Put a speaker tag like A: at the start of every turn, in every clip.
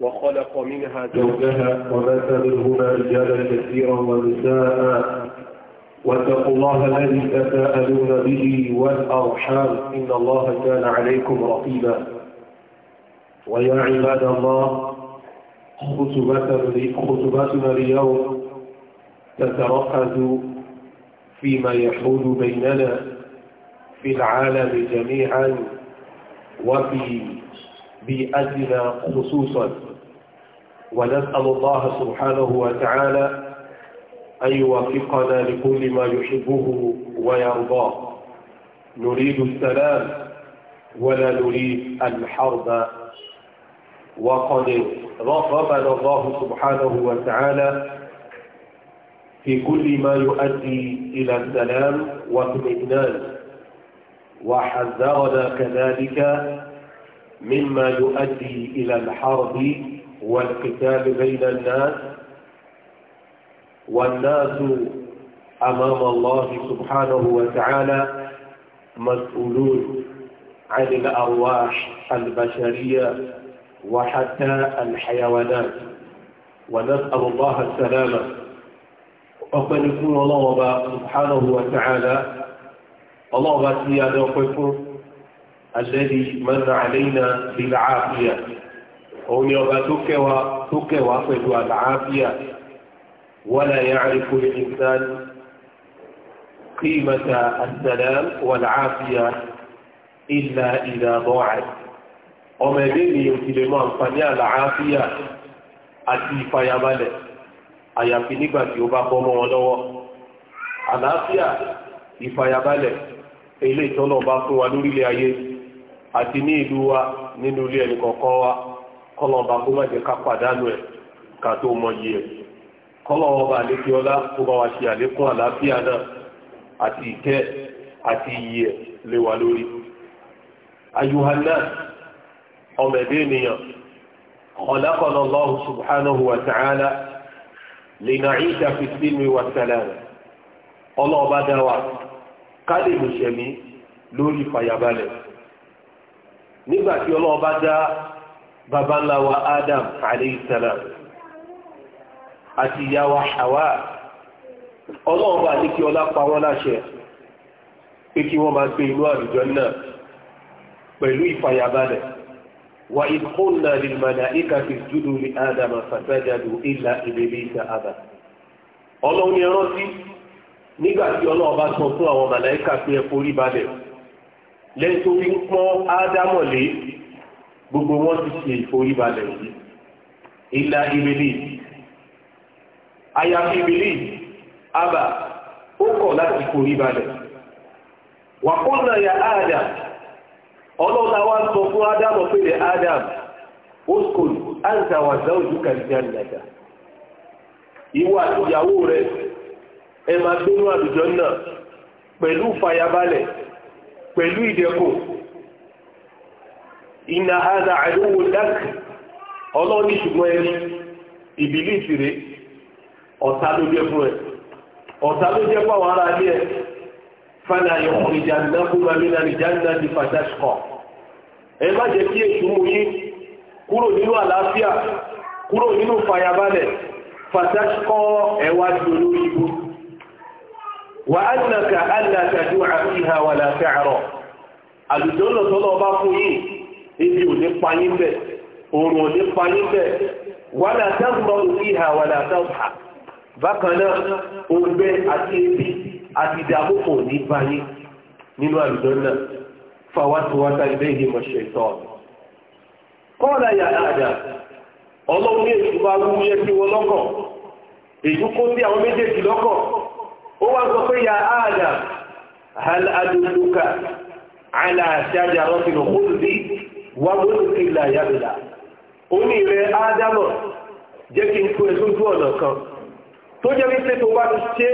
A: وخلق منها زوجها وبث منهما رجالا كثيرا ونساء واتقوا الله الذي تساءلون به والارحام ان الله كان عليكم رقيبا ويا عباد الله خطباتنا اليوم تتركز فيما يحول بيننا في العالم جميعا وفي بيئتنا خصوصا ونسأل الله سبحانه وتعالى أن يوفقنا لكل ما يحبه ويرضاه نريد السلام ولا نريد الحرب وقد رغبنا الله سبحانه وتعالى في كل ما يؤدي إلى السلام واطمئنان وحذرنا كذلك مما يؤدي إلى الحرب والقتال بين الناس والناس أمام الله سبحانه وتعالى مسؤولون عن الأرواح البشرية وحتى الحيوانات ونسأل الله السلامة ọpẹ́ يكون الله سبحانه وتعالى الله سيادة ta'ala الذي من علينا بالعافية òun ni ọba tó kẹwàá tó kẹwàá pẹ̀lú àlàáfíà wala ya'rifu al-insan qimata as-salam wal-afiya illa idha da'at ọmọ ẹgbẹ́ ni o ti lè mọ àǹfààní àlàáfíà àti ìfàyàbalẹ̀ àyàfi nígbà tí ó bá bọ́ mọ́ wọn lọ́wọ́ àlàáfíà ìfàyàbalẹ̀ eléyìí tọ́lọ̀ bá fún wa lórílẹ̀ ayé àti ní ìlú wa nínú ilé ẹnìkọ̀ọ̀kan wa kọlọ̀ọ̀bà kó má ká pàdánù ẹ̀ ká tó mọ yí ẹ̀ kọlọ̀ọ̀bà àlékí ọlá kó bá wa ṣe àlékún àlàáfíà náà àti ìkẹ́ àti iyì ẹ̀ wa lórí wa ta'ala lè lùṣẹ̀mí lórí nígbà tí ọlọ́ọ̀bá Babalawa Adam alayhi àti wa Hawa ní kí ọlá pa wọ́n láṣẹ pé kí wọ́n máa gbé inú àlùjánnà pẹ̀lú wa idh qulna lil malaikati isjudu adam Adama fasajadu illa aba ọlọ́run yẹn rántí gbogbo wọn ti ṣe ìforíbalẹ̀ yìí ilà ìbílí àyàfi ìbílí àbà ó kọ̀ láti foríbalẹ̀ wàkúnnà ya adam ọlọ́ta wá sọ fún adam ọ̀pẹ̀lẹ̀ adam oskol anta wa zawju kalijan nata ìwọ àti ìyàwó rẹ ẹ máa gbénú àlùjọ náà pẹ̀lú fàyàbalẹ̀ pẹ̀lú ìdẹ́kùn iná hádà àdúgbò dákì ọlọ́ọ̀ni ṣùgbọ́n ẹni ìbílí ìṣiré ọ̀tá ló jẹ́ fún ẹ ọ̀tá ló jẹ́ fún àwọn ará ilé ẹ fana ayọ̀kùnrin jàǹdà kúrò àmìnà ìjàǹdà di fàtàṣkọ̀ ẹ má jẹ́ kí èṣù mú yín kúrò nínú àlàáfíà kúrò nínú fàyàbalẹ̀ fàtàṣkọ̀ ẹ wá di wà á nàkà á nàkà dùn àfihàn wà láfẹ́ àrọ̀ àlùjọ́ lọ́sọ́lọ́ ọba fún yín pa yín bẹ̀ òòrùn ò ní pa bẹ̀ wàlà tábùrọ̀ ìhà wàlà tábùhà bákan náà àti ebi àti ìdààmú ní bá nínú àlùjọ náà fàwátìwátà ilé ìhìmọ̀ ṣètọ́ kọ́ọ̀lá yà àdà ọlọ́run ní wọn kó sí àwọn hal wà lóòótọ́ ìlà ìyàbìlà ó ní ìrẹ ádámọ̀ jẹ́ kí n kú ẹ̀sùn tó ọ̀nà kan tó jẹ́ wípé tó bá ti ṣe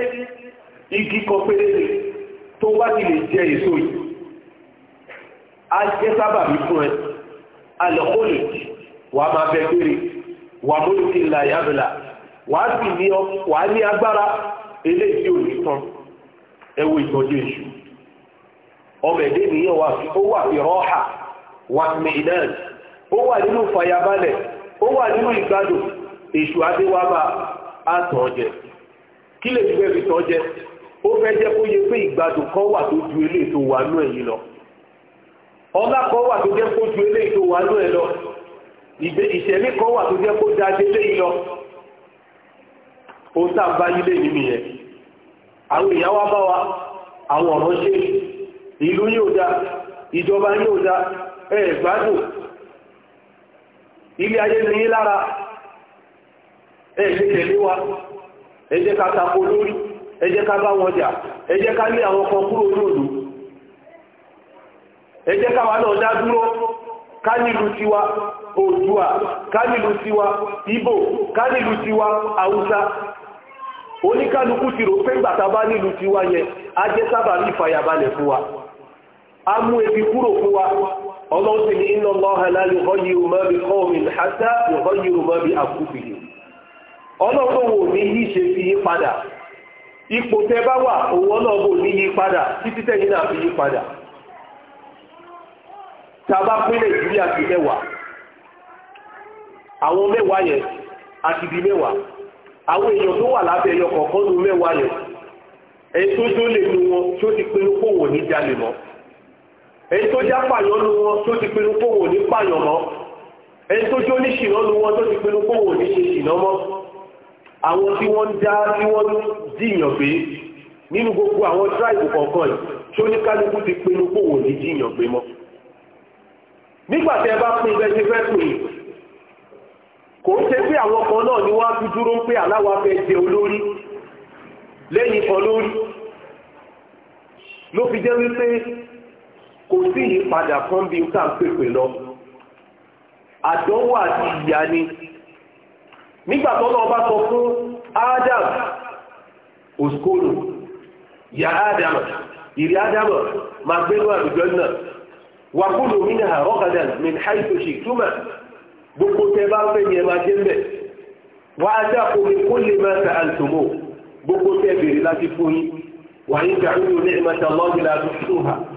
A: igi kan péré tó bá ti lè jẹ èso yìí a jẹ́ sábà bí fún ẹ alẹ́kọ́lù wà máa bẹ péré wà ọ wà á ní agbára eléyìí wàtmìnán ó wà nínú fàyàbalẹ̀ ó wà nínú ìgbádùn èṣù adéwábà àtọ̀ọ̀jẹ kí lè fẹ́ fi tọ́jẹ ó fẹ́ jẹ́ kó yẹ pé ìgbádùn kan wà tó ju elé tó wà nú ẹ̀yìn lọ ọlá kan wà tó jẹ́ kó ju elé tó wà nú ẹ̀ lọ ìṣẹ̀lẹ̀ kan wà tó jẹ́ kó da lọ ó àwọn èèyàn wá bá wa àwọn ọ̀rọ̀ ṣe ìlú yóò dáa ìjọba yóò dá ẹ̀ẹ̀gbádùn ilé ayé ní yí lára ẹ̀ẹ̀lẹ́ tẹ̀lé wa ẹ jẹ́ ká tako lórí ẹ jẹ́ ká bá wọn jà ẹ jẹ́ ká lé àwọn kan kúrò lóòlù ẹ jẹ́ káwa náà dá kánìlú tiwa Oòduà kánìlú tiwa Ìgbò kánìlú tiwa Haúsá oníkálukú ti rò pé gbàtà nílùú tiwa yẹn á ní ìfàyàbalẹ̀ fún wa. a mú ebi kúrò fún wa ọlọ́run sì ní inna Allaha la yughayyiru ma bi qawmin hatta yughayyiru ma bi anfusihim ní yí ṣe fi yí padà ipò tẹ bá wà òun ọlọ́run ní yí padà títí pín nàìjíríà mẹ́wàá àwọn mẹ́wàá yẹn àti mẹ́wàá àwọn èèyàn tó wà lábẹ́ ẹyọ kọ̀ọ̀kan mẹ́wàá yẹn ẹ̀ tó lè nu wọn tó ti pinnu kó èyí tó já pààyàn nu wọn tó ti pinnu kó wò ní pààyàn mọ́ èyí tó jó ní ṣìnà nu wọn tó ti pinnu kó wò ní ṣe ṣìnà mọ́ àwọn tí wọ́n ń dá tí wọ́n ń dìyàn pé nínú gbogbo àwọn tíráìbù kọ̀ọ̀kan yìí tó ní kálukú ti pinnu kó wò ní dìyàn pé mọ́ nígbà tẹ́ bá pín bẹ́ẹ̀ ti fẹ́ pè é kò ń ṣe pé àwọn kan náà ni wọ́n á fi dúró ń pé aláwa fẹ́ jẹ olórí lẹ́yìn kan lórí ló fi jẹ́ wípé kò sí ìyípadà kan bí tá à pèpè lọ àdánwò àti ìyà ni nígbà tó lọ bá fún Adam ya Adam ìrì Adam ma gbẹ́lú àrùjọ náà wà kúlù mínà min haitu ṣì túmọ̀ gbogbo tẹ bá fẹ́ ni jẹ́ wà á dá omi kó lè máa ta àtùmọ̀ gbogbo tẹ bèrè láti fún yín wà ní ìgbà ìlú ní ìmọ̀ta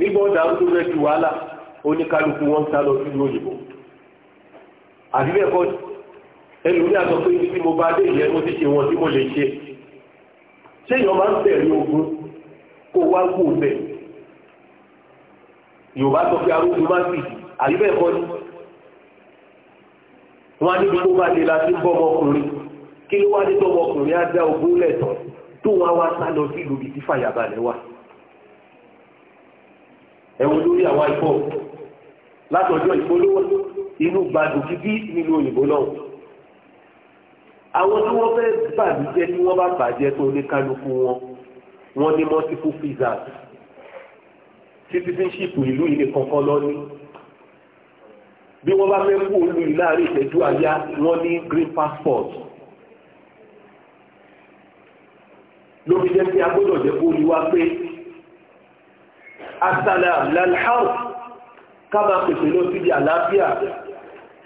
A: nígbà ọ̀dà ń tó fẹ́ ju wàhálà oníkálukú wọn ń sá lọ sí òyìnbó àbí bẹ́ẹ̀ kọ́ ẹlòmí àtọ́ pé ibi tí mo bá dé ìyẹn mo ti ṣe wọn tí mo lè ṣe ṣé èèyàn máa ń bẹ̀rẹ̀ ogun kó wá kó bẹ̀ Yorùbá sọ pé arúgbó máa sì àbí ni wọ́n á níbi tó bá dé la sí bọ́ ọmọkùnrin kí ló wá dé tó ọmọkùnrin á dá ogun lẹ̀tọ̀ tó wá wá sá lọ sí ìlú tí fàyàbalẹ̀ wà ẹ̀wọ̀n lórí àwọn àìpọ̀ látọjọ́ ìpolówó inú gbádùn kíkí nílùú òyìnbó náà àwọn tí wọ́n fẹ́ bàjẹ́ tí wọ́n bá bàjẹ́ tó ní kálukú wọn wọ́n ní multiple visas citizenship ìlú yìí nìkan kan lọ́ní bí wọ́n bá fẹ́ kú olú yìí láàrin ìṣẹ́jú àyá wọ́n ní green passport lórí jẹ́ pé agbọ́dọ̀ jẹ́ kó rí wá pé asalam lalhaus ká máa pèsè lọ síbi àlàáfíà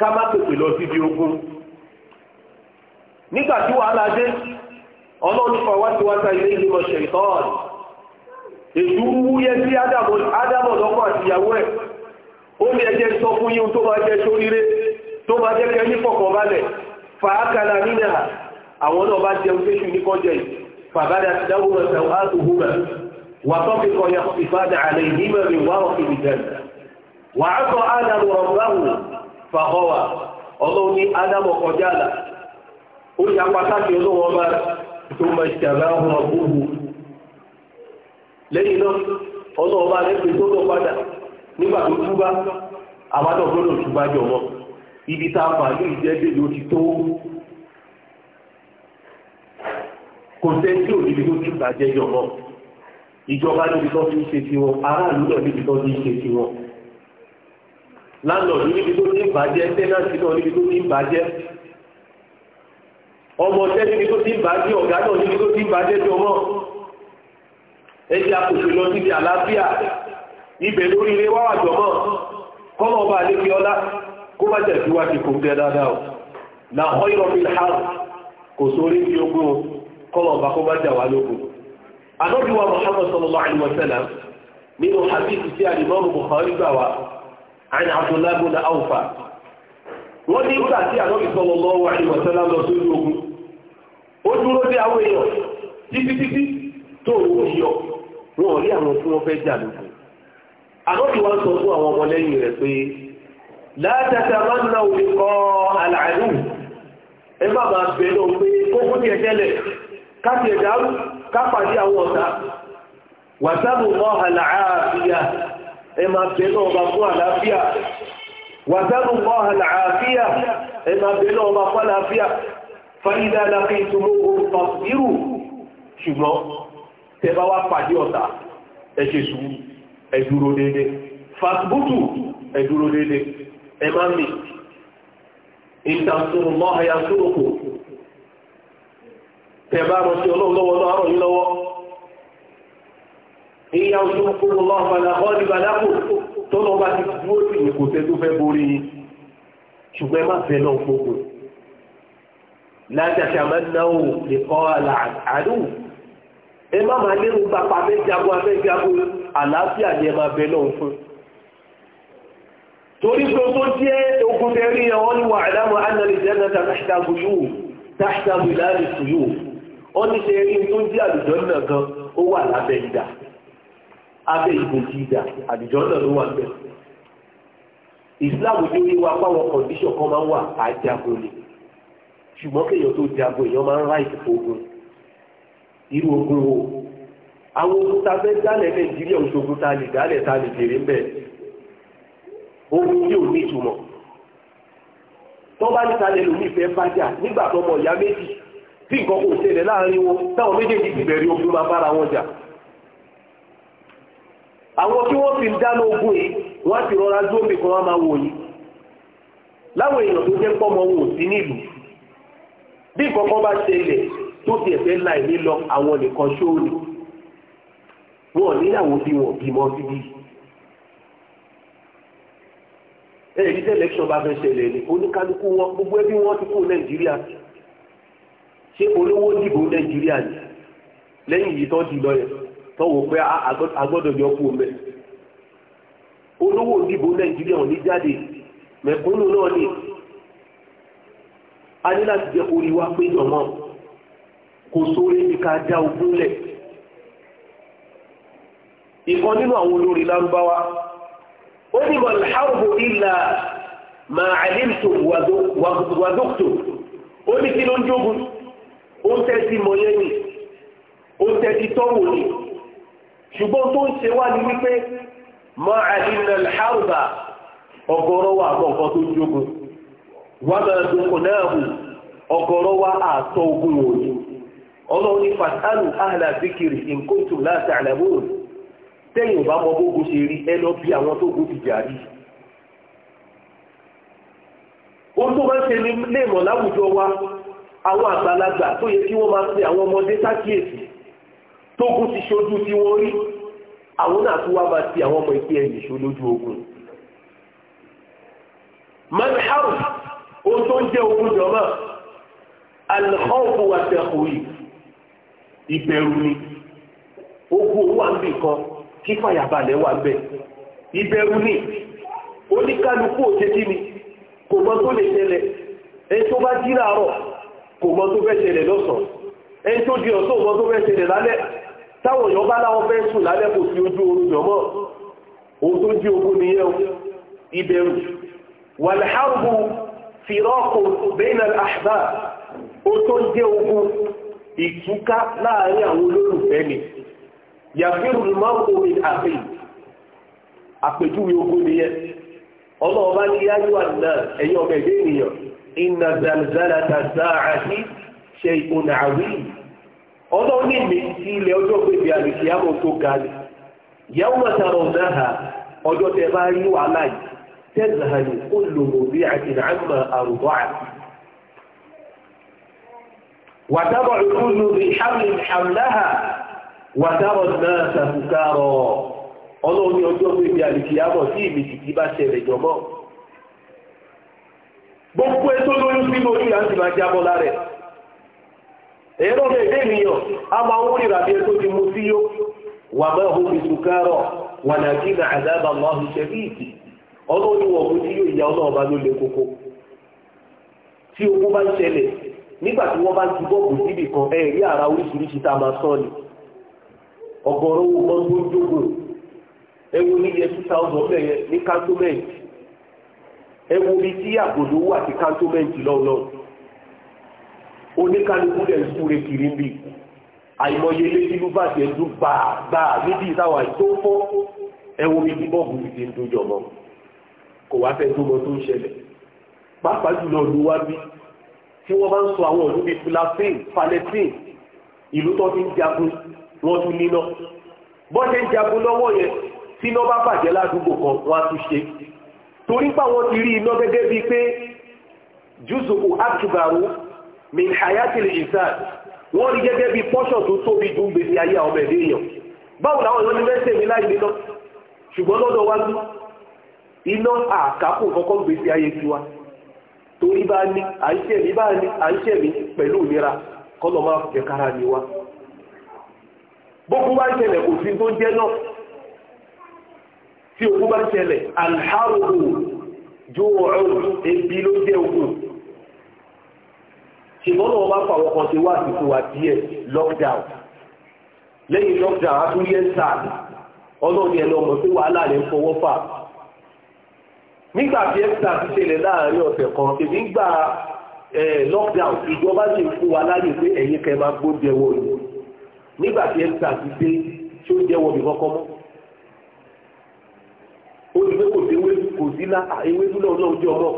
A: ká máa pèsè lọ síbi ogun nígbà tí wàhálà dé ọlọ́run fa wáṣíwáṣá ilé ìgbìmọ̀ ṣẹ̀tọ́ọ̀nì ètò wúyẹ sí ádámọ̀ lọ́kọ̀ àti ìyàwó ẹ̀ ó ní ẹjẹ́ sọ fún yín tó máa jẹ́ sóríire tó máa jẹ́ kẹ́ ní fọ̀kànbalẹ̀ fàákàlà nínà àwọn náà bá jẹun tẹ́sù ní kọjẹ́ fàbádà ti dáwó mọ̀ وطبق يخطفان عليهما من ورق الجنة وعصى آدم ربه فغوى ọlọ́run ní ádámọ̀ kọjá àlà ó yà pàtàkì olóhùn ọba tó máa ṣàbá ọmọ gbogbo lẹ́yìn náà ọlọ́run ọba rẹ̀ pé tó lọ padà nígbà tó túbá àbádọ́ gbọ́dọ̀ túbá jọ mọ́ ibi tá a fà ní ìjẹ́jẹ́ ló ti tó kò sẹ́ńtì òdìdí tó túbá jẹ́jọ mọ́. ìjọba ní tó ti ń ṣe ti wọn aráàlú náà níbi tó ti ń ṣe ti wọn láńlọ́ọ̀dù níbi tó ti ń tẹ́nàtì náà níbi tó ti ń ọmọ níbi tó ti ń bàjẹ́ ọ̀gá náà níbi tó ti ń bàjẹ́ jọmọ́ ẹ̀jẹ̀ àkóso lọ àlàáfíà ibẹ̀ lórí o ìrọ̀bí kò ní kọ́mọ anọ́bíwá muhammad sallallahu alayhi wa sallam nínú hadith tí alimọ́mù bukhari gbà wá abdullahi awfa wọ́n ní ìgbà tí anọ́bí sallallahu alayhi wa lọ sí ogun ó dúró dé àwọn èèyàn títí títí tó owó yọ wọn ò rí àwọn tí fẹ́ jà lóko sọ fún àwọn ọmọlẹ́yìn pé máa kápàdé àwọn ọ̀tá wàtàbù mọ́ àlàáfíà ẹ máa bẹ̀ náà ọba fún àlàáfíà wàtàbù mọ́ àlàáfíà ẹ máa bẹ̀ náà ọba fún àlàáfíà fàyídà aláfẹ́ ìtumọ̀ ohun pàṣírù ṣùgbọ́n tẹ bá wá pàdé ọ̀tá ẹ ṣe sùúrù tẹ̀bá rọ sí ọlọ́run lọ́wọ́ náà rọ̀ yín lọ́wọ́ ìyá oṣù fún ọlọ́run balàkọ́ ní balàkù tó lọ bá ti dúró sí ní kò tẹ́ tó fẹ́ borí yín ṣùgbọ́n ẹ má fẹ́ náà fókùn lájà ṣàmà náwó lè kọ́ àlàádù ẹ má máa lérò gbapá torí pé tó jẹ́ ogun tẹ́rí ẹ̀wọ́n ni wà àdámọ̀ annalè jẹ́ náà tàbí ṣàgbùyù tàbí ó ní ṣe rí tó ń jẹ́ àlùjọ náà gan ó wà lábẹ́ ìdà abẹ́ ìbòjì ìdà àlùjọ náà ló wà bẹ́ẹ̀ ìsìláàmù tó yíwa fáwọn kọ̀díṣọ̀ kan máa ń wà àjagun ni ṣùgbọ́n kéèyàn tó jagun èèyàn máa ń ra ìdìbò ogun irú ogun wo àwọn ogun ta fẹ́ dálẹ̀ nàìjíríà òṣogun ta lè dálẹ̀ ta lè jèrè ń bẹ̀ ogun tí ò ní ìtumọ̀ tó bá ní ta lè lòmí ìfẹ́ bájà nígbà tó mọ̀ ìyá méjì tí nǹkan kò ṣẹlẹ̀ láàrin wọn táwọn méjèèjì ti bẹ̀rẹ̀ ogun máa bára wọn jà àwọn tí wọ́n fi ń dáná ogun yìí wọ́n á ti rọra dúró mi kan wọ́n máa wò yìí láwọn èèyàn tó jẹ́ pọ́mọ wọn ò sí nílùú bí nǹkan kan bá ṣẹlẹ̀ tó ti ẹ̀fẹ́ la ìní lọ àwọn nìkan ṣóòlì wọn ò níyàwó bí wọn bímọ síbí ẹ̀ẹ́dí tẹ́lẹ̀ṣọ́ bá fẹ́ ṣẹlẹ̀ ní oníkálukú wọn gbogbo ẹbí wọn ti kú Nàìjíríà ṣé olówó dìbò nàìjíríà ni lẹ́yìn yìí tó ti lọ yẹn tó wò pé agbọ́dọ̀ yọ kú mẹ́ olówó dìbò nàìjíríà ò ní jáde mẹ̀kúnnù náà ni a ní láti jẹ́ orí wa pé ọmọ kò sóore ní ká já ogún lẹ̀ ìkan nínú àwọn olórí lárúbáwá ó ní mọ̀ láàrùbù ìlà màálìmtò wàdókòtò ó ní kí ló ń jogun ó ń tẹ́tí mọyẹ́ nì ó ń tẹ́tí tọ́wò nì ṣùgbọ́n tó ń ṣe wá ní wípé mọ àdínà lẹ́hàrùbà ọ̀gọ̀rọ̀ wa àmọ́ nǹkan tó ń jogun wà máa dúnkù náà hù ọ̀gọ̀rọ̀ wa àtọ́ ogun òní ọlọ́run ní fasalu zikiri in kuntum la tẹ́yìn ò bá mọ bógun ṣe rí ẹ lọ bí àwọn tó gùn ti ohun tó máa ń ṣe ní ilé láwùjọ wa àwọn àgbàlagbà tó yẹ kí wọ́n máa pe àwọn ọmọdé sákìyèsí tógun ti ṣojú tí wọ́n rí àwọn náà tún wá máa ti àwọn ọmọ ìpín ẹ̀yìn ìṣó lójú ogun manharu ohun tó ń jẹ́ ogun jọmọ́ alhọ́ọ̀fù àtẹ̀kùrì ìbẹ̀rù ni ogun wà ń bì kan kí fàyàbalẹ̀ wà bẹ̀ ìbẹ̀rù ni oníkálukú òṣèkí ni kò mọ tó lè ṣẹlẹ̀ ẹ bá jí láàárọ̀ kò mọ tó fẹ́ ṣẹlẹ̀ lọ́sàn ẹni tó di ọ̀sán mọ tó fẹ́ ṣẹlẹ̀ lálẹ́ táwọn èèyàn bá láwọn fẹ́ sùn lálẹ́ kò sí ojú oorun yàn mọ́ ohun tó di ogun nìyẹn ìbẹ̀rù wàlẹ́hàrùbù fìrọ́kù bẹ́ẹ̀nà àṣà ó tó ń jẹ́ ogun ìtúká láàrin àwọn olólùfẹ́ ni yàfẹ́rù mọ́kù mi àfẹ́ àpèjúwe ogun nìyẹn ọlọ́ọ̀bá ní yáyọ̀ àdínà ẹ̀yìn ọmọ ẹ̀dẹ́ ènìyàn iná zalzala ta sáà sí ṣe ìkùnà àwí ọlọ́run ní mi sí ilẹ̀ ọjọ́ gbèbè àlùkí àmọ́ tó ga ni yàwó mọ̀tàrọ̀ náà ọjọ́ tẹ bá rí wàhálà yìí tẹ́zàhàlì kó lòrò bí àti àmà àrùbọ́ àti وترى الكل بحمل حملها وترى الناس سكارى ọlọ́run ní ọjọ́ pé bí alìkìyàmọ̀ sí ìmìtì tí bá ṣẹlẹ̀ jọmọ́ gbogbo ètò lóyún sínú ojú là ń sì máa jábọ́ lára ẹ̀ èyí lọ́dọ̀ èdè ènìyàn a máa ń wúrira bí ètò ti mú sí yó wà máa hó mi sùkárọ̀ wà náà kí nà àdáàbà máa hù ṣe bíìtì ọlọ́run ni wọ́n mú sí yó ìyá ọlọ́run bá ló le koko tí ogun bá ń ṣẹlẹ̀ nígbà tí wọ́n bá ti bọ́ọ̀bù síbì kan ẹ̀ rí ara ní yẹ ẹ wo bí tí àgbòdo wà sí kántọ́mẹ́ǹtì lọ́wọ́lọ́wọ́ oníkálukú dẹ̀ ń súre kiri ń bì àìmọye ilé tí lúbà tẹ̀ ń dún gbàgbà níbi ìsáwà tó fọ́ ẹ wo bí tí bọ́ọ̀bù ti ń dojú ọmọ kò wá fẹ́ tó mọ tó ń ṣẹlẹ̀ pàápàá jùlọ ìlú wa bí tí wọ́n bá ń sọ àwọn ìlú bíi Palestine ìlú tó ti ń jagun wọ́n tún níná bọ́ọ̀ṣẹ́ ń jagun lọ́wọ́ yẹn tí iná bá bàjẹ́ ládùúgbò kan wọ́n á tún ṣe torí páwọn ti rí iná gẹ́gẹ́ bíi pé jùzùkù akbaru min hayatil insan wọ́n rí gẹ́gẹ́ bíi pọ́ṣọ̀ tó tóbi ju gbèsè ayé àwọn ọmọ ẹ̀dẹ́ èèyàn báwo làwọn èèyàn ní mẹ́sẹ̀ mi láì níná ṣùgbọ́n lọ́dọ̀ wá ní iná àkápò kọ́kọ́ gbèsè ayé tiwa torí bá ní à ń ṣẹ̀mí bá ní à ń ṣẹ̀mí pẹ̀lú ìnira kọ́lọ́ máa jẹ kára ni wa gbogbo wa ń ṣẹlẹ̀ kò tó jẹ́ náà tí ogun bá ṣẹlẹ̀ alháàrùn jó ọ̀rùn ebi ló jẹ́ ogun ṣùgbọ́n náà wọ́n bá fà wọ́n kan ṣe wá àsìkò àti ẹ̀ lockdown lẹ́yìn lockdown a tún yẹ sáà ọlọ́run ẹ̀ lọ́mọ tí wàhálà rẹ̀ ń fọwọ́ fà nígbà tí ẹ̀ sáà ti ṣẹlẹ̀ láàárín ọ̀sẹ̀ kan èmi ń lockdown ìjọba sì ń fún wa láyè pé ẹ̀yin kẹ́ máa gbó jẹ́wọ́ yìí nígbà tí ẹ̀ sáà ti dé tí ó jẹ́wọ́ mi mọ́ ó ti pé kò sí ewé kò sí lá ewé dúró ọlọ́run jẹ́ ọmọ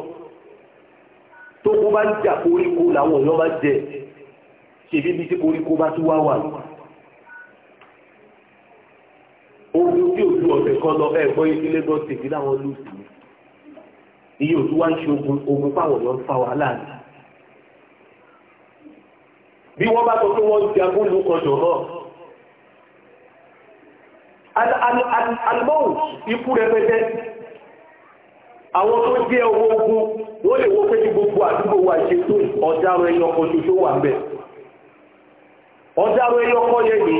A: tó kó bá ń jà koríko làwọn èèyàn bá jẹ ṣèbí bí tí koríko bá tún wá wà ogun tí òtún ọ̀sẹ̀ kan lọ ẹ̀ gbọ́ yé tèmi láwọn lù sí iye òtún wá ń ṣe ogun ogun fáwọn èèyàn ń fa wàhálà ni bí wọ́n bá sọ pé wọ́n ń jagun lù kan náà alimọ́wù ikú rẹpẹtẹ àwọn tó jẹ́ owó ogun wọ́n lè wo pé ní gbogbo àdúgbò wa ṣe tó ọ̀daràn ẹyọ kan ṣoṣo wà bẹ́ẹ̀ ọ̀daràn ẹyọ kan yẹn ni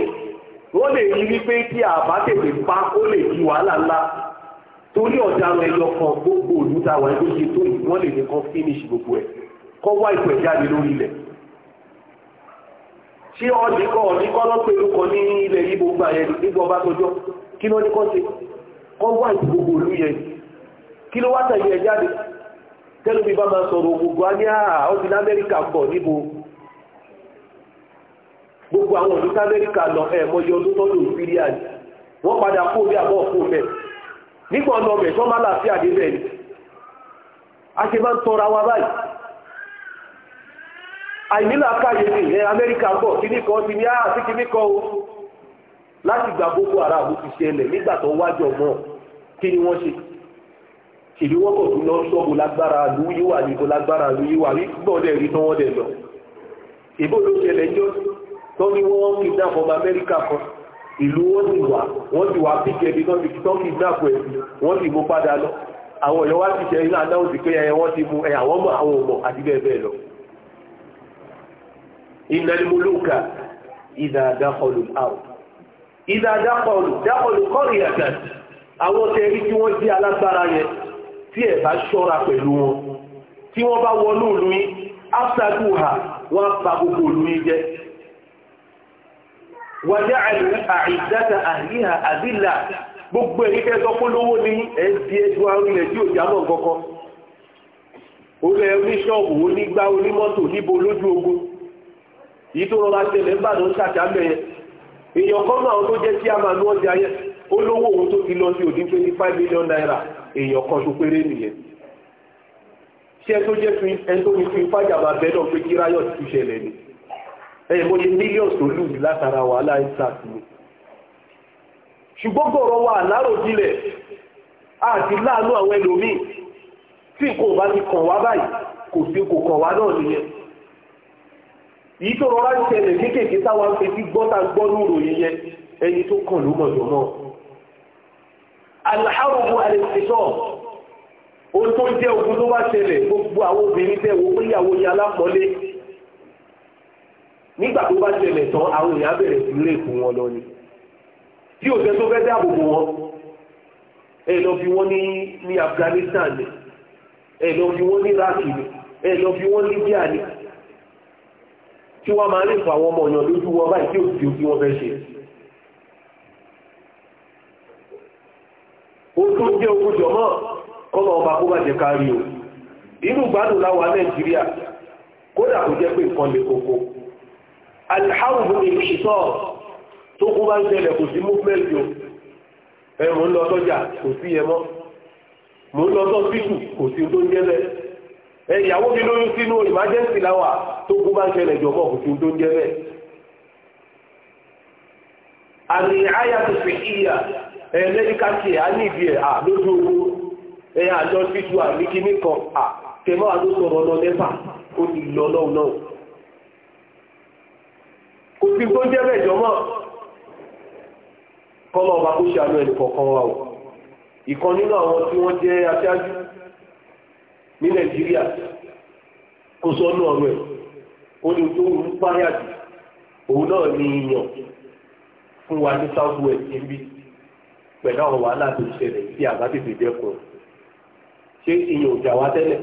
A: wọ́n lè rí wípé tí àbá tètè pa ó lè di wàhálà ńlá torí ọ̀daràn ẹyọ kan gbogbo òlùtàwà ẹgbẹ́ ṣe tó wọ́n lè ní kan finish gbogbo ẹ̀ kọ́ wá ìpẹ̀jáde lórí ilẹ̀ ṣé ọdíkọ́ ọdíkọ́ lọ́pẹ̀lú kan ní ilẹ̀ yìí gbogbo àyẹ̀ nígbà ọba tọjọ́ kí ló ní sí kọ́ wà ìgbogbo olú yẹn kí ló wá tẹ̀lé jáde tẹ́lómi bá máa sọ̀rọ̀ gbogbo ah, amẹ́ríkà gbogbo àwọn amẹ́ríkà lọ a àìnílà káyé sí ilẹ̀ amẹ́ríkà ń bọ̀ kíní kan ti ní àti ah, kíní kan o láti gba Boko Haram ti ṣẹlẹ̀ nígbà tó wájọ mọ́ kí ni wọ́n ṣe ṣèlú wọ́n kọ̀ tún lọ ṣọ́ọ̀bù lágbára lu yíwà ní kò lágbára lu yíwà rí gbọ́dẹ̀ rí tán wọ́n dẹ̀ lọ ìbò ló ṣẹlẹ̀ jọ tó ní wọ́n kì í dáàbò ọmọ amẹ́ríkà kan ìlú wọn ti wà wọ́n ti wà píkẹ́ ibi tán fi tán kì í dáàbò ẹ̀sìn wọ́n sì mú padà lọ àwọn èèyàn wá ti ṣe iná adáhùn sí pé ẹ̀yẹ wọ́n ti mú ẹ̀yà wọ́n mọ̀ àwọn òmọ̀ àti bẹ́ẹ̀ bẹ́ẹ̀ lọ innal muluka idha dakhalu al-ard idha dakhalu dakhalu qaryatan àwọn tẹ̀rí tí wọ́n jẹ́ alágbára yẹn tí ẹ̀ bá ṣọ́ra pẹ̀lú wọn tí wọ́n bá wọnú ìlú yín afṣadu ha wọ́n pa gbogbo ìlú yín jẹ́ wàjá àìdáta àríhà àdílà gbogbo ẹ̀rí kẹ́sọ́ polówó ní ẹ̀dí ẹjọ́ arúnlẹ̀ tí ò onímọ́tò níbo lójú ogun yìí tó rọra ṣẹlẹ̀ ń bà ló ń ṣàkàmẹ́ yẹn èèyàn kan náà ló jẹ́ kí a máa lọ ọjà yẹn ó lówó òun tó fi lọ sí òdin twenty million naira èèyàn kan tó péré nìyẹn ṣé tó jẹ́ fi ẹni tó fi fi fájà máa bẹ́ náà pé kí ráyọ̀ ti ṣẹlẹ̀ ni ẹ̀yìn mo ní mílíọ̀nù tó lù látara wàhálà isaac ni ṣùgbọ́n gbọ̀rọ̀ wa àláròjinlẹ̀ àti láàánú àwọn ẹlòmíì tí kò bá ti kàn wá báyìí kò sí kò kàn wá náà nìyẹn èyí tó rọra ń ṣẹlẹ̀ kéékèèké táwa ń fetí gbọ́ta gbọ́ lóòrò yìí yẹn ẹni tó kàn ló mọ̀ jọmọ́ alaharubu alẹ́sẹ̀tọ́ o tó jẹ́ ogun tó bá ṣẹlẹ̀ gbogbo àwọn obìnrin tẹ́ wo péyàwó ni alápọ̀lé nígbà tó bá ṣẹlẹ̀ tán àwọn èèyàn bẹ̀rẹ̀ sí ilé ìkú wọn lọ ni tí òṣèlú tó fẹ́ dáàbò ni ẹ lọ fi wọ́n ni ẹ tí wọ́n máa lè fọ àwọn ọmọ ọ̀yàn lójú wọn báyìí tí òsì òsì wọn fẹ́ ṣe. ó tún jẹ́ owó jọmọ́ kọ́mọ ọba kó má jẹ kárí o inú gbádùn láwa nàìjíríà kódà kò jẹ́ pé nǹkan lè koko alhawbu ni ìṣọ́ tó kó bá ń ṣẹlẹ̀ kò sí movement o ẹ lọ sọ́jà kò sí ẹ mọ́ ń lọ sọ́sítù kò sí tó ń jẹ́ bẹ́ẹ̀ ẹ ìyàwó mi lóyún sínú emergency láwà tó kú bá ń ṣẹlẹ̀ jọmọ òfin tó ń jẹ bẹ́ẹ̀. àmì àyà tó fi ìyà ẹ mẹ́ríkà kì í á ní ìdí ẹ̀ à lójú owó ẹ àjọ títú àmì kíní kan à kẹmọ́ àló sọ̀rọ̀ lọ lẹ́fà ó ti lọ lọ́wọ́ náà. kò sí tó ń jẹ́ bẹ́ẹ̀ jọmọ́ kọ́lọ́ ọba kó ṣe ẹnì kọ̀ọ̀kan wa o ìkan nínú àwọn tí wọ́n jẹ́ aṣáájú ní nàìjíríà kó sọ́nù ọ̀rọ̀ ẹ̀ ó ní tó ń páyà jù òun náà ní iyàn fún wa ní south west pẹ̀lú àwọn wàhálà tó ṣẹlẹ̀ dẹ́kun ṣé tẹ́lẹ̀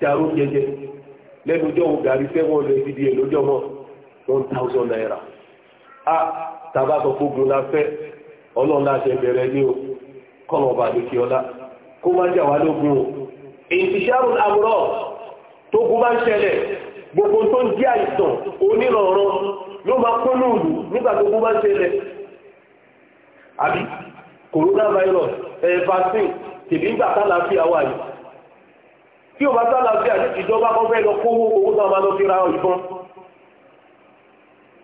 A: ṣe arú jẹjẹ lẹ́nu ọjọ́ gàrí sẹ́wọ̀n lọ ibi díẹ̀ naira a tàbá sọ fógun ọlọ́run ní o ọlá ìfìṣàrù àwòrán tó gún bá ń ṣẹlẹ̀ gbogbo tó ń jẹ́ àìsàn onírànran ló máa kó lóòlù nígbà tó gún bá ń ṣẹlẹ̀ àbí coronavirus ẹ̀ vaccine tèmi ń gbà sálàáfíà wà yìí tí o bá sálàáfíà ìjọba kan fẹ́ lọ kówó owó tó a máa lọ fi ra ìbọn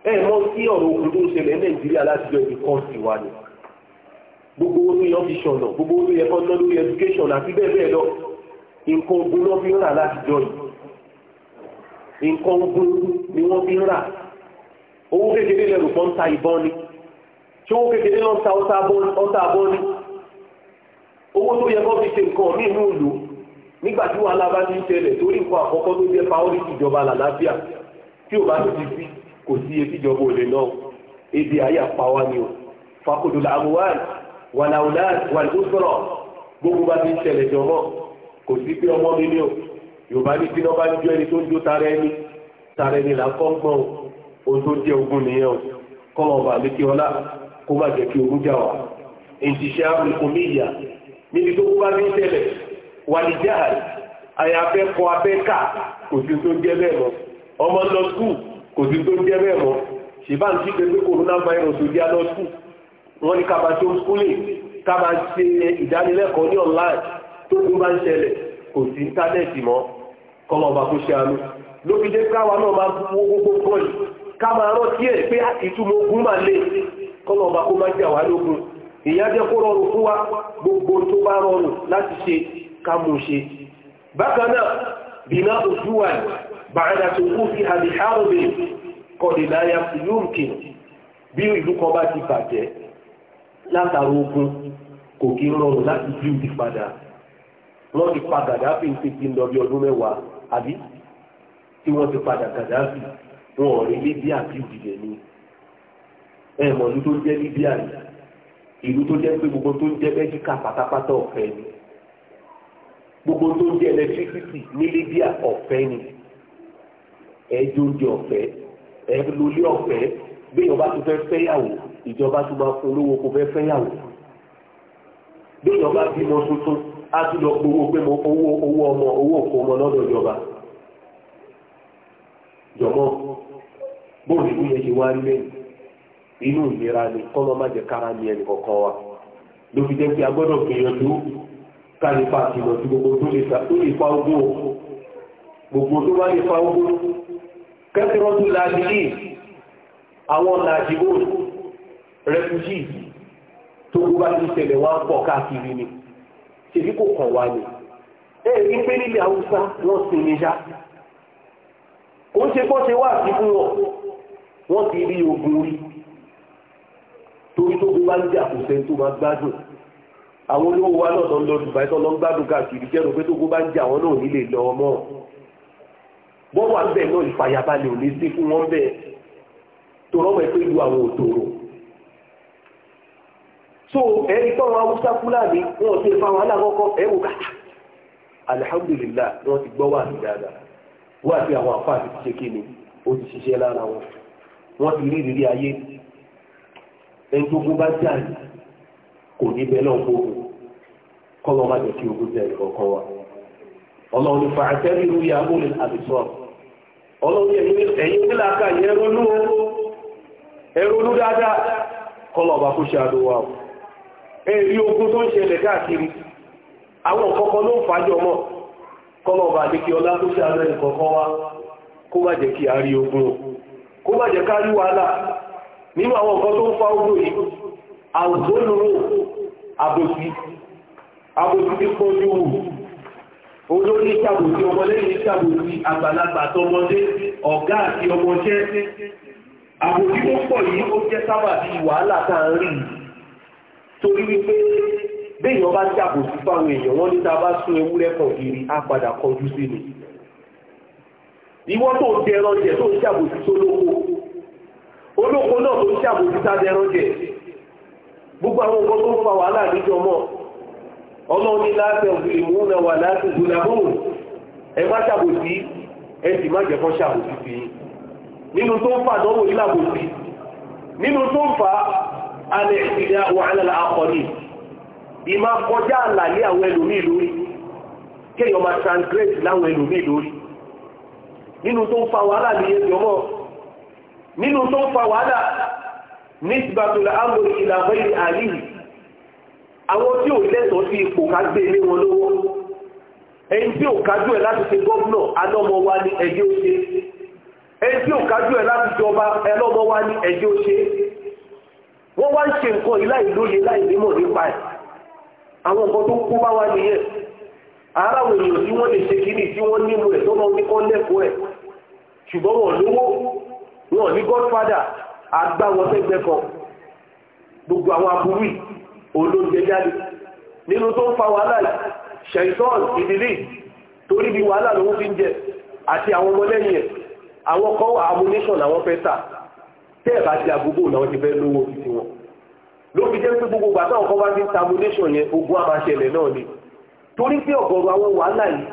A: ẹ mọ̀ sí ọ̀rọ̀ òkú tó ń ṣẹlẹ̀ Nàìjíríà láti jọ ibi kan sì wà ní gbogbo owó tó yẹ fi ṣọ̀nà gbogbo owó tó yẹ kọ́ ná lórí education àti bẹ́ẹ̀ bẹ́ẹ̀ lọ nǹkan ogun ló fi ń rà láti jọ yìí nǹkan ogun ni wọ́n fi ń rà owó kékeré lẹ́rù kan ń ìbọn ni tí owó kékeré lọ́n ta ọta abọ́ ni owó tó yẹ kó fi ṣe nǹkan ní ìlú ìlú nígbà tí wàhálà bá ti ń ṣẹlẹ̀ torí nǹkan àkọ́kọ́ tó jẹ́ paólítì ìjọba làlàáfíà tí ò bá ti ti sí kò sí etí ìjọba òde náà ebi ayé àpáwá ni o fakodola amuwan wàlàwùlá wàlúùsọ̀rọ̀ gbogbo bá ti ń ṣẹlẹ̀ jọmọ́ kò sí pé ọmọ mi ní o yorùbá ní kí lọ́ba jó ẹni tó ń jó tara ẹni tara ẹni là ń kọ́ gbọ́n o tó jẹ́ ogun nìyẹn o kọ́ ọba mi kí ọlá kó má jẹ́ kí ogun jà wá ìṣiṣẹ́ àbùkùnmí ìyà níbi tó bá ní tẹ̀lẹ̀ wàlíjà àyàfẹ́ kọ abẹ́ká kò sí tó jẹ́ bẹ́ẹ̀ mọ́ ọmọ lọ skul kò sí tó jẹ́ bẹ́ẹ̀ mọ́ ṣìbá ń ṣí pé corona virus ò jẹ́ lọ skul wọ́n ní ká online tó kún bá ń ṣẹlẹ̀ kò sí íńtánẹ́ẹ̀tì mọ́ kọ́mọ ọba kó ṣe àánú ló káwa náà máa gbogbo ká máa rántí ẹ̀ pé ọba kó máa àwa lógun ìyá jẹ́ rọrùn fún gbogbo tó bá rọrùn láti ṣe ká mú ṣe bákan náà bìnà ojú wà bàrẹ́dà tó kú bí ìlú kan bá ti bàjẹ́ látàrí ogun kò kí wọ́n ti pa gàdáfì ń ti lọ bí ọdún mẹ́wàá àbí tí wọ́n ti padà gàdáfì wọn ò rí Libya bí ìdìbẹ̀ ni ẹ mọ̀ ìlú tó jẹ́ Libya ni ìlú tó jẹ́ pé gbogbo tó ń jẹ́ mẹ́jíkà pátápátá ọ̀fẹ́ ni gbogbo tó ń jẹ́ electricity ní Libya ọ̀fẹ́ ni ẹ jóúnjẹ ọ̀fẹ́ ẹ lólé ọ̀fẹ́ bí ìyọba tó fẹ́ fẹ́yàwó ìjọba tó máa fún olówó kó fẹ́ fẹ́yàwó bí ìyọba bímọ tuntun á tún lọ gbowó pé mo owó owó ọmọ owó òkú ọmọ lọ́dọ̀ ìjọba jọmọ bóun ìlú yẹn wá rí lẹ́yìn inú ìlera ni kọ́nà má jẹ kára ní ẹnì wa ló fi jẹ́ a gbọ́dọ̀ gbìyànjú gbogbo tó lè gbogbo tó lè fa ogún kẹ́kẹ́rọ́ tó àwọn làjìbò tó bá ti ṣẹlẹ̀ wá pọ̀ ṣèbí kò kàn wá ni ẹ ẹ wípé nílẹ̀ haúsá wọ́n sinmi já kò ń ṣe kọ́ ṣe wá sí fún wọn wọ́n ti rí ogun rí torí tó gbé bá ń jà kò sẹ́ni tó máa gbádùn àwọn olówó wa náà lọ Dubai tó lọ ń gbádùn káàkiri jẹ́rù pé tó gbé bá ń jà wọn náà nílé lọ ọmọ bọ́wọ́ àbẹ̀ náà ìfàyàbalẹ̀ ò ní sí fún wọn bẹ́ẹ̀ torọ́mọ̀ ẹ pé lu àwọn òtòrò so ẹ̀rí tọ́rọ awúsá fúlàní wọn ti fáwọn kàtà wọn ti gbọ́ wà ní dáadáa àwọn ti ṣe ó ti ṣiṣẹ́ lára wọn ti rí ìrírí ayé ẹni tó gún bá jà kò ní bẹ́ẹ̀ náà gbóògùn kọ́ lọ́ọ́ má jẹ́ kí ogun jẹ́ ìkọ̀ọ̀kan wa ọlọ́run ya ó ẹ̀yìn ẹ̀rọ dáadáa kọ́ lọ́ọ́ bá kó ṣe èrí ogun tó ń ṣẹlẹ̀ káàkiri àwọn kọ̀ọ̀kan ló ń fàájọ mọ̀ kọ́lọ̀ ọba àdékí ọlá tó ṣe àárẹ̀ kọ̀ọ̀kan wá kó jẹ́ kí a rí ogun kó má jẹ́ ká wàhálà nínú àwọn nǹkan tó ń fa ogun yìí àwòránwò àbòsí àbòsí ti pọ̀ ju wù olórí ìṣàbòsí ọmọlẹ́yìn ìṣàbòsí àgbàlagbà tọmọdé ọ̀gá àti ọmọṣẹ́ àbòsí tó pọ̀ yìí ó jẹ́ wàhálà tá à ń torí wípé bẹ́ẹ̀ yọba jàbò sí fáwọn èèyàn wọ́n ní tá a bá sún ewúrẹ́ kan kiri á padà kọjú sí ni ìwọ tó ń dẹran jẹ tó ń jàbò sí sólóko olóko náà tó ń jàbò sí tá dẹran jẹ gbogbo àwọn nǹkan tó ń fa wàhálà níjọ mọ́ ọlọ́run ní láti ọ̀gbìn ìmúhùn náà wà láti gbòdàbòrò ẹ má jàbò sí ẹ sì má jẹ́ kán jàbò sí sí nínú tó ń fa àdánwò ìlàbòsí nínú tó ń fa alẹ́ ìdílé wàhálà àkọ́ni ìmá kọjá àlàyé àwọn ẹlòmíì lórí kéèyàn máa transgress láwọn ẹlòmíì lórí nínú tó ń fa wàhálà ní ẹgbẹ̀ ọmọ nínú tó ń fa wàhálà nísìbàtòlà àmọ́ ìlànà ilẹ̀ àlìyí àwọn tí ò lẹ́tọ̀ọ́ sí ipò ká gbé ilé wọn lọ́wọ́ ẹni tí ò kájú ẹ̀ láti ṣe gọ́ọ̀nà alọ́mọ wa ní ẹjẹ́ ó ẹni tí ò kájú ẹ̀ láti jọba ẹlọ́mọ wa ní ẹjẹ́ ó wọ́n wá ń ṣe nǹkan yìí láì lóye láì nímọ̀ nípa ẹ̀ àwọn nǹkan tó kú bá wá nìyẹn ara àwọn èèyàn tí wọ́n lè ṣe kíní tí wọ́n nínú ẹ̀ tó máa ń kọ́ lẹ́kọ̀ọ́ ẹ̀ ṣùgbọ́n wọn lówó wọn ní godfather àgbà wọn fẹ́gbẹ́ kan gbogbo àwọn aburú yìí olóúnjẹ jáde nínú tó ń fa wàhálà yìí ṣẹ̀tọ́n ìdílé torí bí wàhálà lòún fi ń jẹ àti àwọn ọmọlẹ́yìn ẹ̀ àwọn kọ́ ammunition làwọn fẹ́ tà tẹ́ ẹ̀ bá ti agogo làwọn ti fẹ́ lówó títí wọn lóbi jẹ́ pé gbogbo gbàtà ọkọ̀ bá ti ń termination yẹn ogun àmàṣẹlẹ̀ náà ni torí pé ọ̀gọ̀rọ̀ àwọn wàhálà yìí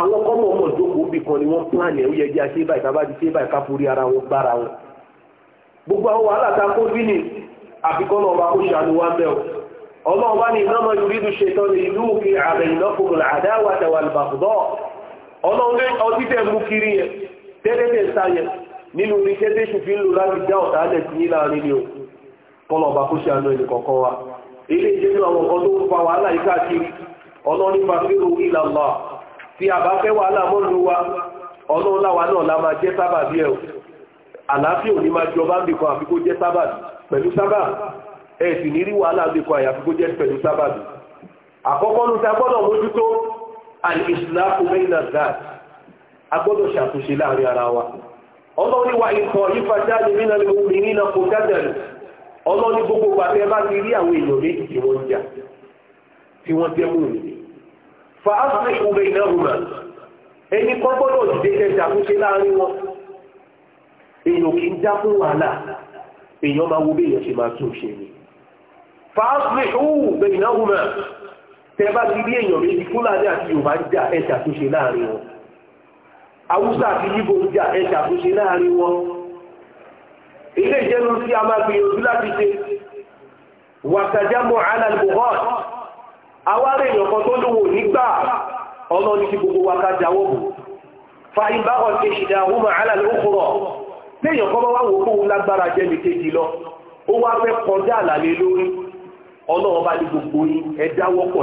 A: àwọn ọmọ ọmọ ìjókòó bì kan ni wọ́n plan ẹ̀ ó yẹ kí a ṣe báyìí tábà ṣe ara wọn gbára wọn gbogbo àwọn wàhálà ta kó bí ni ọba kó ṣàánú wa yorì ìlú òkè nínú irinṣẹ́ tẹ́sù fi ń lò láti dá ọ̀tá sí láàrin ni o ọba kó ṣe àánú wa ilé ìjẹ́ àwọn tó ń fa wàhálà ọ̀nà nípa fíro ìlànà tí a bá fẹ́ wàhálà mọ́nu wa ọ̀nà náà la máa jẹ́ sábàbí ẹ̀ àlàáfíà máa jọba ń bìkan jẹ́ sábàbí pẹ̀lú sábàbí ẹ̀ sì ní rí wàhálà ń bìkan àyàfi kó jẹ́ pẹ̀lú ọlọ́ni wà ìkọ̀ ìfàjáde nínú ìwòmí nínú kò dájẹ̀lú ọlọ́ni gbogbo pàtẹ́ bá ti rí àwọn èèyàn méjì tí wọ́n jà tí wọ́n tẹ́ mú mi fa áfẹ́ ìkúbẹ̀ iná rúmà ẹni kọ́ gbọ́dọ̀ dìde kẹta tó ṣe láàrin wọn èèyàn kì í já fún wàhálà èèyàn máa wo bí èèyàn ṣe máa tún ṣe ni fa áfẹ́ ìkúbẹ̀ iná rúmà tẹ́ bá ti rí èèyàn méjì fúlàní àti yorùbá jà ẹ̀ṣà tó ṣe láàrin wọn awúsá àti yíbo jà ẹjà tó ṣe láàrin wọn ilé ìjẹun sí a máa gbìyànjú láti ṣe wàtàjámọ̀ alàlùmọ́ awárè ìyọ̀kan tó lówó nígbà ọlọ́ni ti gbogbo wa ká jáwọ́ bù fa ìbá ọ̀tẹ̀ ìṣìdá ọmọ alàlùmọ́ léèyàn kọ́ bá ala wò kóhun lágbára jẹ́ mi kejì lọ ó wá fẹ́ kọjá àlàlé lórí ọlọ́run bá ní gbogbo yín ẹ dáwọ́ pọ̀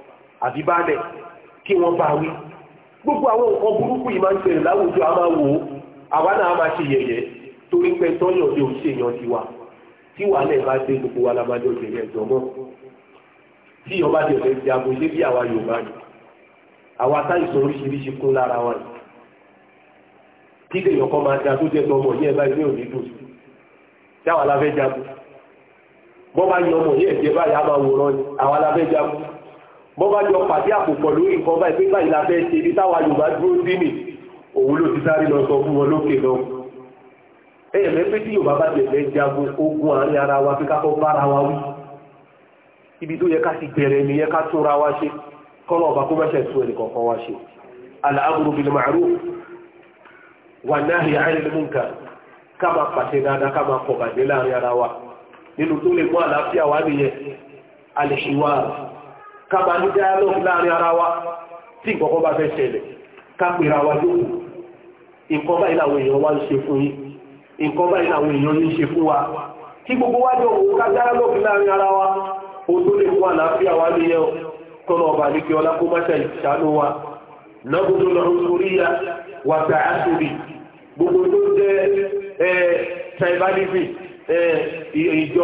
A: àbí bálẹ̀ kí wọ́n bá wí gbogbo àwọn nǹkan burúkú yìí máa ń ṣẹlẹ̀ láwùjọ a máa wò ó àwa náà máa ṣe yẹ̀yẹ́ torí pé tọ́yọ̀ ni òun ṣèyàn ti wa tí wàhálẹ̀ bá dé gbogbo wa la máa jọ jẹ̀yẹ́ ẹ̀jọ̀ mọ́ tí ìyọba tẹ̀lé ti aago ilé bí àwa Yorùbá ni àwa táìsàn oríṣiríṣi kún lára wa ni kí lèèyàn kan máa jagun jẹ́ tọmọ yẹn báyìí ní òní dùn táwa la fẹ́ jagun bọ́ bá yan ọmọ yẹn jẹ báyìí á máa wòran ni àwa la fẹ́ jagun bọ́ bá jọ pàdé àpòpọ̀ lórí nǹkan báyìí pé báyìí la fẹ́ ṣe ibi táwa Yorùbá dúró sí nì òun ló ti sáré lọ sọ fún wọn lókè lọ ẹ̀yẹ̀ mẹ́fẹ́ tí Yorùbá bá jẹ̀ fẹ́ jagun ogun àárín ara wa fi kákọ́ bára wa wí ibi tó yẹ ká ti bẹ̀rẹ̀ nìyẹn ká túnra wa ṣe kọ́lọ̀ ọba kó mẹ́ṣẹ̀ tún ẹnì kọ̀ọ̀kan wa ṣe al-amru bil wà náhì anil munkar ká máa ká ká máa ní dialogue láàrin ara wa tí nǹkan kan bá fẹ́ ṣẹlẹ̀ ká pèrà wa jókòó nǹkan báyìí làwọn èèyàn wa ń ṣe fún yín nǹkan báyìí làwọn èèyàn ń ṣe fún wa kí gbogbo wa jọ òun ká dialogue láàrin ara wa ó tó lè fún àlàáfíà wa ní yẹn kọ́nà ọba ní kí ọlá kó má ṣe ìṣàánú wa nọ́gbọ́dọ̀ lọ́rùn sórí ya wàtà àtòrí gbogbo tó jẹ́ tribalism ìjọ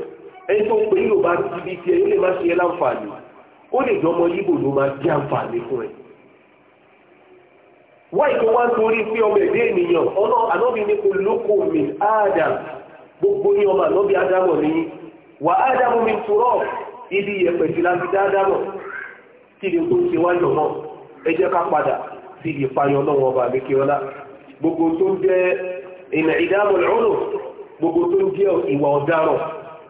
A: ẹni tó ń pè yóò bá ti bí tiẹ̀ yóò lè má ṣe ẹ láǹfààní ó lè jọ ọmọ yíbò ló máa àǹfààní fún ẹ. wá ìkó wá torí pé ọmọ ẹ̀dẹ́ ènìyàn ọ̀nà ànábì ní kò lóko mi áàdàm gbogbo ní ọmọ ànábì mi ibi láti dá ádámọ̀ kí ni ṣe náà ẹ jẹ́ ká padà gbogbo tó ń jẹ́ ìnà ìdámọ̀ gbogbo tó ń jẹ́ ìwà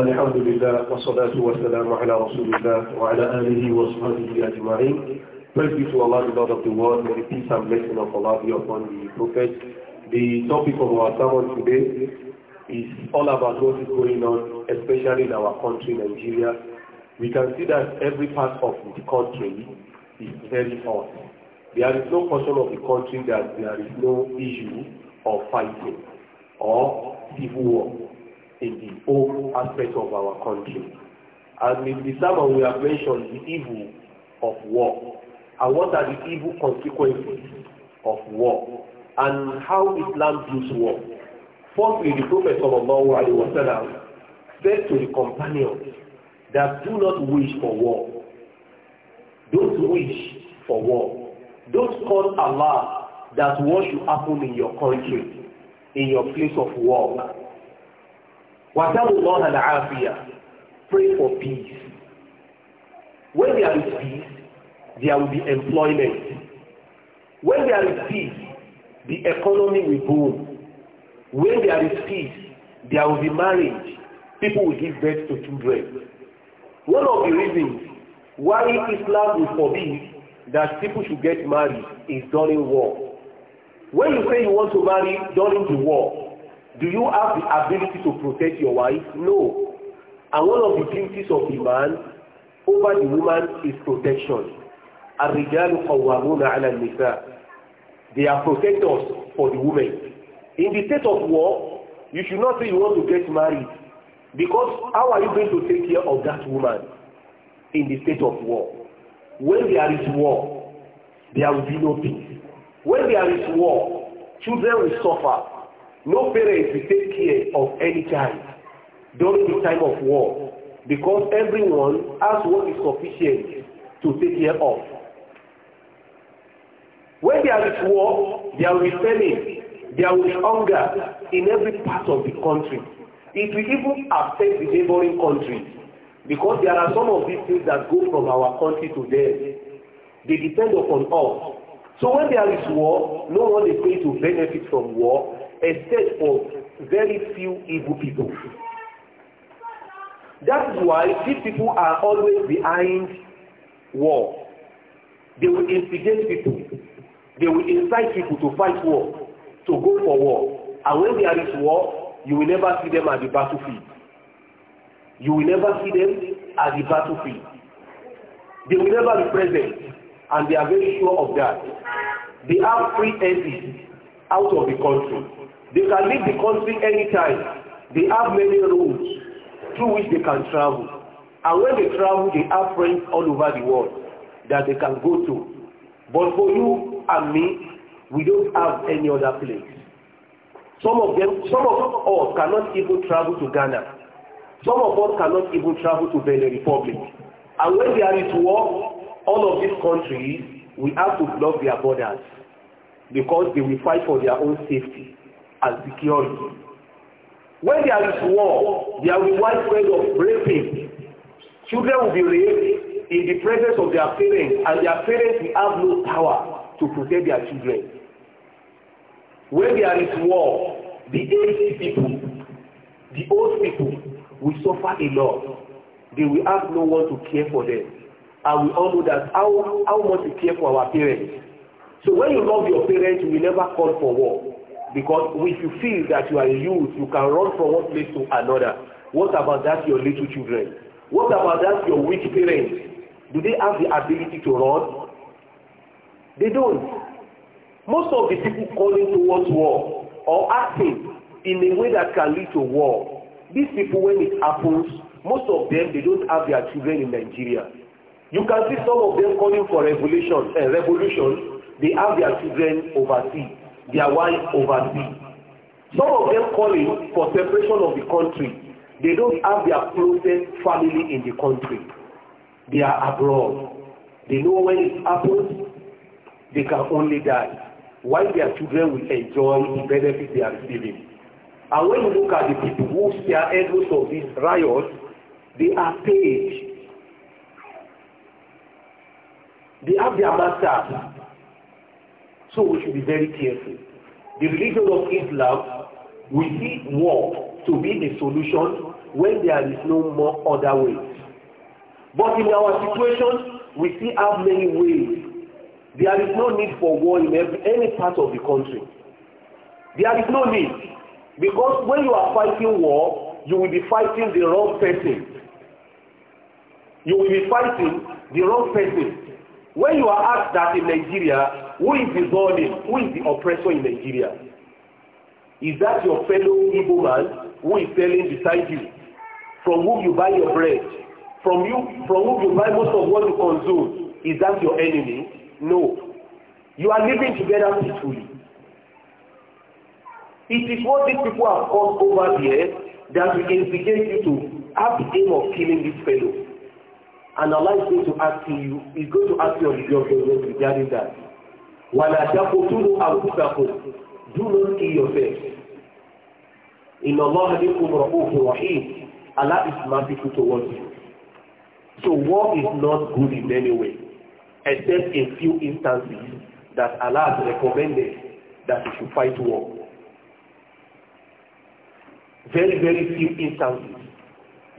A: الحمد لله والصلاة والسلام على رسول الله وعلى آله وصحبه أجمعين Praise be to Allah, the Lord of the world, may the peace and blessing of Allah be upon the Prophet. The topic of our sermon today is all about what is going on, especially in our country, Nigeria. We can see that every part of the country is very hot. There is no portion of the country that there is no issue of fighting or civil war in the whole aspect of our country. And the sermon we have mentioned the evil of war and what are the evil consequences of war and how Islam views war. Firstly, the Prophet sallallahu alaihi wasallam said to the companions that do not wish for war. Don't wish for war. Don't call Allah that war should happen in your country, in your place of war. Watalu Allah and Afia. Pray for peace. When there is peace, there will be employment. When there is peace, the economy will boom. When there is peace, there will be marriage. People will give birth to children. One of the reasons why Islam will forbid that people should get married is during war. When you say you want to marry during the war, Do you have the ability to protect your wife? No. And one of the duties of the man over the woman is protection. الرجال قوامون على النساء. They are protectors for the women. In the state of war, you should not say you want to get married because how are you going to take care of that woman in the state of war? When there is war, there will be no peace. When there is war, children will suffer No parent will take care of any child during the time of war because everyone has what is sufficient to take care of. When there is war, there will be famine, there will be hunger in every part of the country. It will even affect the neighboring countries because there are some of these things that go from our country to theirs. They depend upon us. So when there is war, no one is going to benefit from war a state for very few evil people. That is why these people are always behind war. They will instigate people. They will incite people to fight war, to go for war. And when they are in war, you will never see them at the battlefield. You will never see them at the battlefield. They will never be present, and they are very sure of that. They have free exit out of the country. They can leave the country anytime. They have many roads through which they can travel. And when they travel, they have friends all over the world that they can go to. But for you and me, we don't have any other place. Some of them, some of us cannot even travel to Ghana. Some of us cannot even travel to Benin Republic. And when they are at war, all of these countries, we have to block their borders because they will fight for their own safety and security. When there is war, there will be widespread of raping. Children will be raped in the presence of their parents, and their parents will have no power to protect their children. When there is war, the aged people, the old people will suffer a lot. They will have no one to care for them. And we all know that how, how much we care for our parents. So when you love your parents, you will never call for war. Because if you feel that you are a youth, you can run from one place to another. What about that your little children? What about that your weak parents? Do they have the ability to run? They don't. Most of the people calling towards war or acting in a way that can lead to war, these people, when it happens, most of them, they don't have their children in Nigeria. You can see some of them calling for revolution, uh, revolution. They have their children overseas their wife overseas. Some of them calling for separation of the country. They don't have their closest family in the country. They are abroad. They know when it happens, they can only die. While their children will enjoy the benefits they are receiving. And when you look at the people who share echoes of these riots, they are paid. They have their masters. So we should be very careful. The religion of Islam, we see war to be the solution when there is no more other ways. But in our situation, we see how many ways. There is no need for war in every, any part of the country. There is no need. Because when you are fighting war, you will be fighting the wrong person. You will be fighting the wrong person. When you are asked that in Nigeria, who is the Zolim, who is the oppressor in Nigeria? Is that your fellow Igbo man who is selling beside you? From whom you buy your bread? From you, from whom you buy most of what you consume? Is that your enemy? No. You are living together peacefully. It is what these people have caused over the that will instigate you to have the aim of killing this fellow. And Allah is going to ask you, He's going to ask you your judgment regarding that. وَلَا تَقُتُلُوا أَنفُسَكُمْ Do not kill yourself. In اللَّهَ بِكُمْ رَءُوفٌ رَحِيمٌ Allah is merciful towards you. So war is not good in any way, except in few instances that Allah has recommended that you should fight war. Very, very few instances.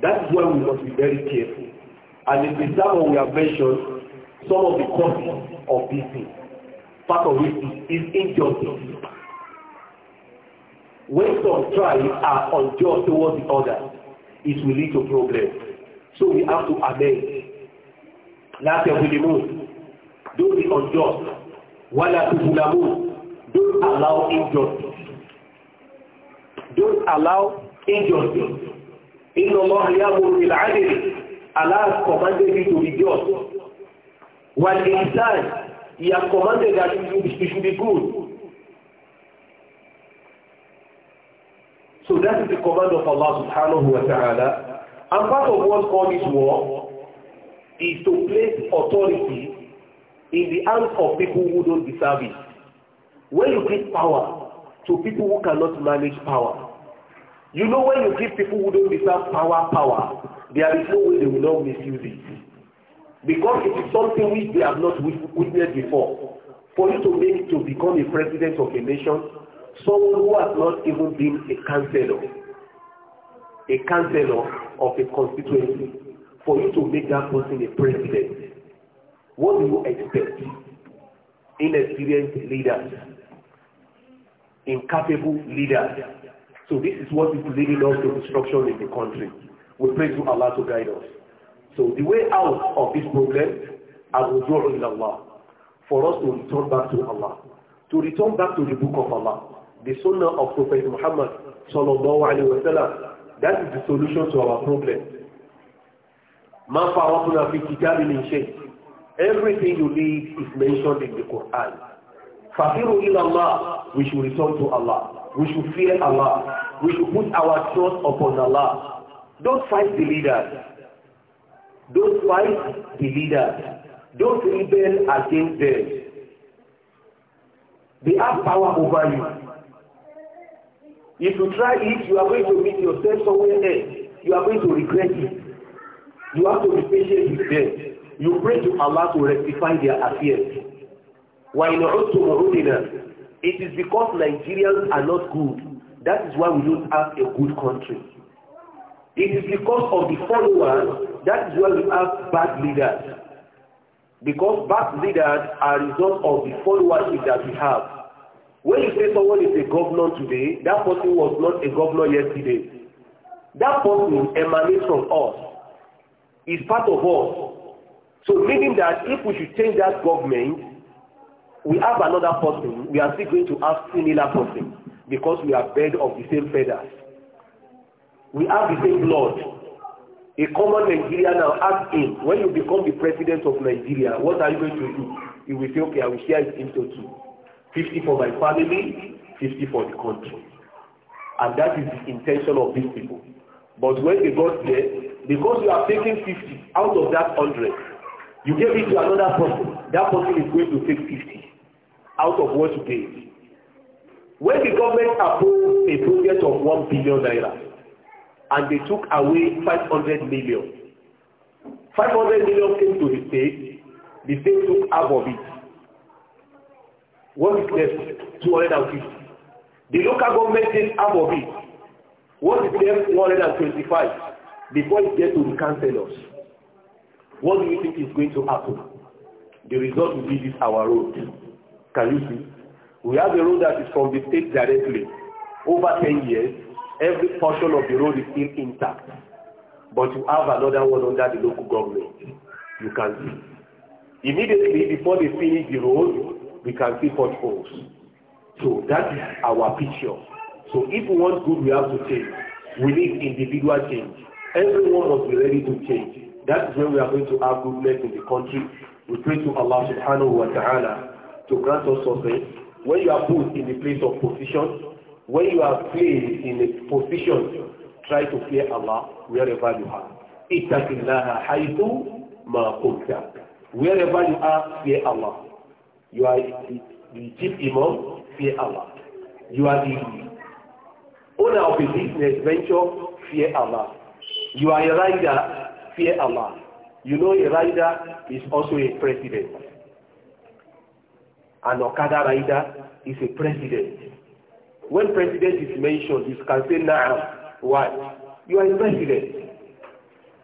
A: That's why we must be very careful. And in is that we have mentioned some of the causes of this thing. Part of it is, is injustice. When some tribes are unjust towards the other, it will lead to problems. So we have to amend. Láti ẹ̀kú ni mú, Do the unjust. Wàlá tuntun la mú, don't allow injustice. Don't allow injustice. In the Allah ya'muru bil 'adli Allah commanded you to be just. While in time, He has commanded that you, you should be good. So that is the command of Allah subhanahu wa ta'ala. And part of what causes war is to place authority in the hands of people who don't deserve it. When you give power to people who cannot manage power, you know when you give people who don't deserve power, power, there is no way they will not misuse it because it is something which they have not witnessed before for you to make to become a president of a nation someone who has not even been a councillor a councillor of a constituency for you to make that person a president what do you expect inexperienced leaders incapable leaders so this is what is leading us to destruction in the country. We pray to Allah to guide us. So the way out of this problem, al draw in Allah, for us to return back to Allah, to return back to the book of Allah, the sunnah of Prophet Muhammad sallallahu alaihi wasallam. That is the solution to our problem. ما فرطنا في كتاب من شيء. Everything you need is mentioned in the Quran. فَفِرُوا إِلَى Allah. We should return to Allah. We should fear Allah. We should put our trust upon Allah. Don't fight the leaders. Don't fight the leaders. Don't rebel against them. They have power over you. If you try it, you are going to meet yourself somewhere else. You are going to regret it. You have to be patient with them. You pray to Allah to rectify their affairs. Why not to It is because Nigerians are not good. That is why we don't have a good country. It is because of the followers that is why we have bad leaders. Because bad leaders are a result of the followers that we have. When you say someone is a governor today, that person was not a governor yesterday. That person emanates from us. Is part of us. So meaning that if we should change that government, we have another person, we are still going to have similar person because we are bed of the same feathers. We have the same blood. A common Nigerian now ask him, when you become the president of Nigeria, what are you going to do? He will say, okay, I will share it into two. 50 for my family, 50 for the country. And that is the intention of these people. But when they got there, because you are taking 50 out of that 100,
B: you gave it to another person.
A: That person is going to take 50 out of what you gave. When the government approved a project of 1 billion naira, and they took away 500 million. 500 million came to the state. The state took half of it. What is left? 250. The local government takes half of it. What is left? 125 before it gets to the councillors. What do you think is going to happen? The result will be this our road. Can you see? We have a road that is from the state directly over 10 years every portion of the road is still intact. But you have another one under the local government. You can see. Immediately before they finish the road, we can see potholes. So that is our picture. So if we want good, we have to change. We need individual change. Everyone must be ready to change. That is when we are going to have goodness in the country. We pray to Allah subhanahu wa ta'ala to grant us success. When you are put in the place of position, When you are placed in a position, try to fear Allah wherever you are. Ittaqillaha haythu ma kunta. Wherever you are, fear Allah. You are the, the chief imam, fear Allah. You are the owner of a business venture, fear Allah. You are a rider, fear Allah. You know a rider is also a president. An Okada rider is a president. When president is mentioned, you can say na'am. Why? You are a president.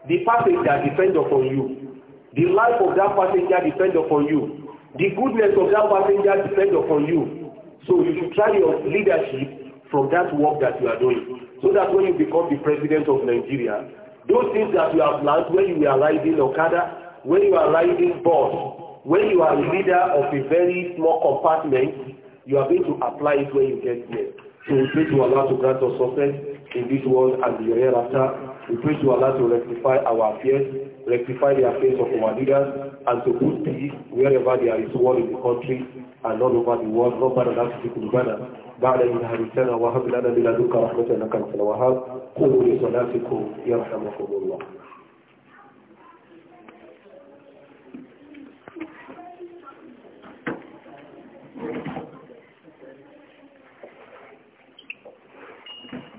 A: The passenger depend upon you. The life of that passenger depend upon you. The goodness of that passenger depend upon you. So you should try your leadership from that work that you are doing. So that when you become the president of Nigeria, those things that you have learned when you are riding Okada, when you are riding bus, when you are a leader of a very small compartment, You are going to apply it when you get here. So we pray to Allah to grant us success in this world and the hereafter. We pray to Allah to rectify our affairs, rectify the affairs of our leaders, and to put peace wherever there is war in the country and all over the world. ربنا لا تزغ قلوبنا بعد إذ هديتنا وهب لنا من لدنك رحمة إنك أنت الوهاب قوموا لصلاتكم يرحمكم الله